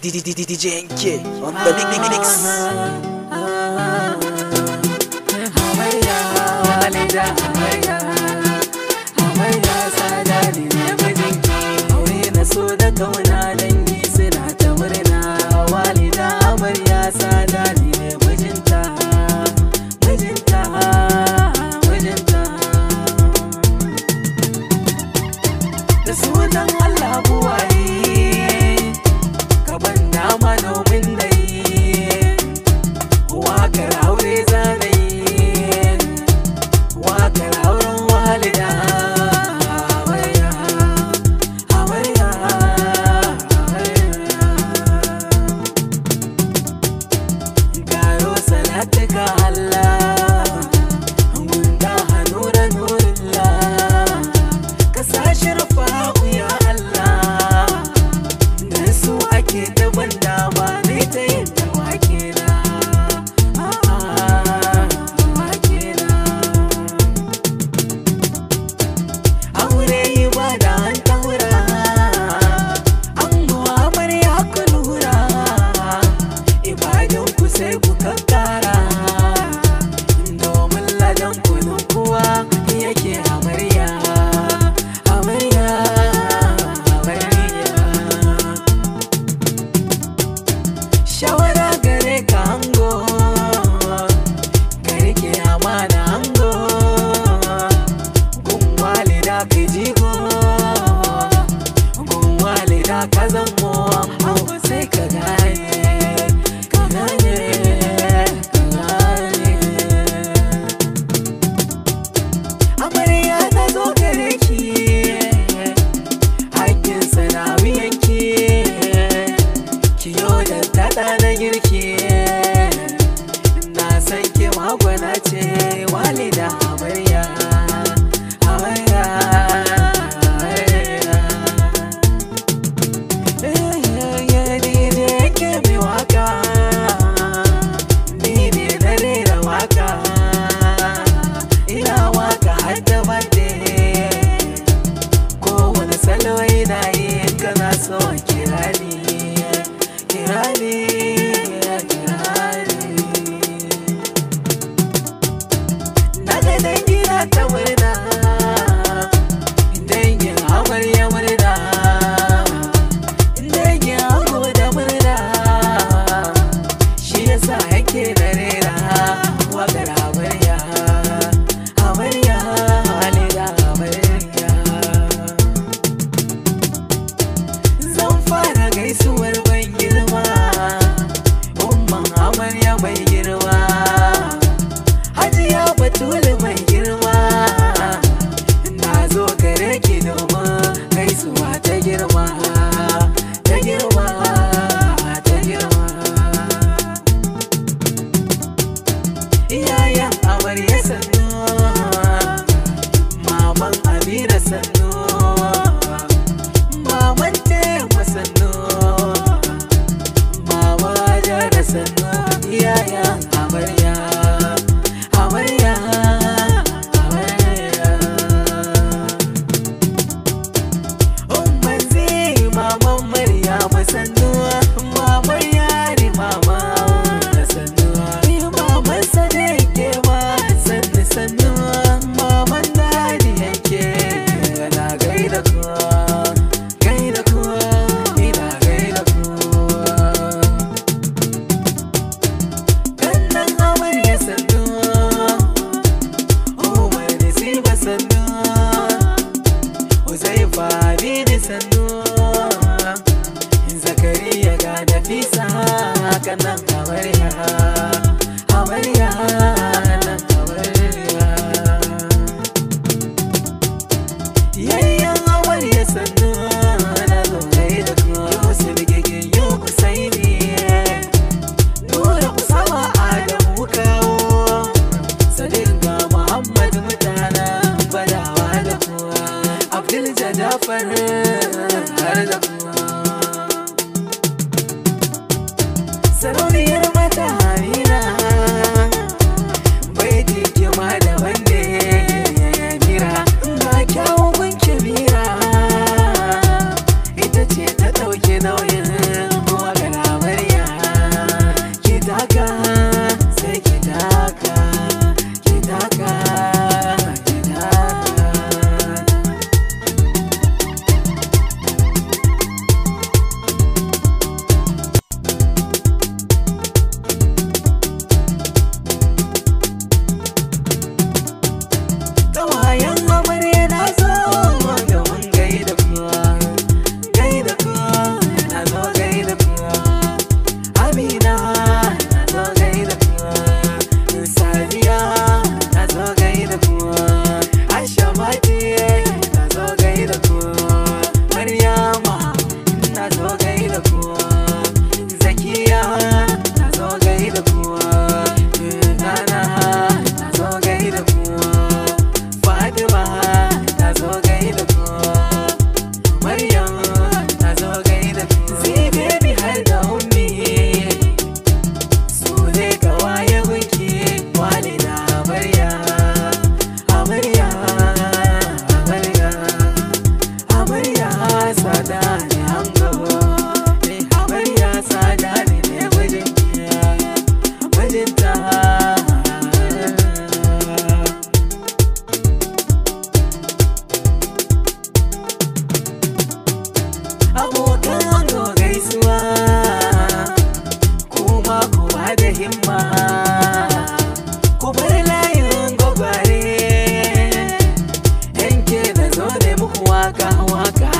DJ NK on the big big mix. Hawaiian, Hawaiian. magwana ce ki noma gaisuwa ta girma haka nan kamar ya nan kamar abokan ko gaisuwa kuma kowa da himma ku bar layin gwagware yanke da zo da muku waka waka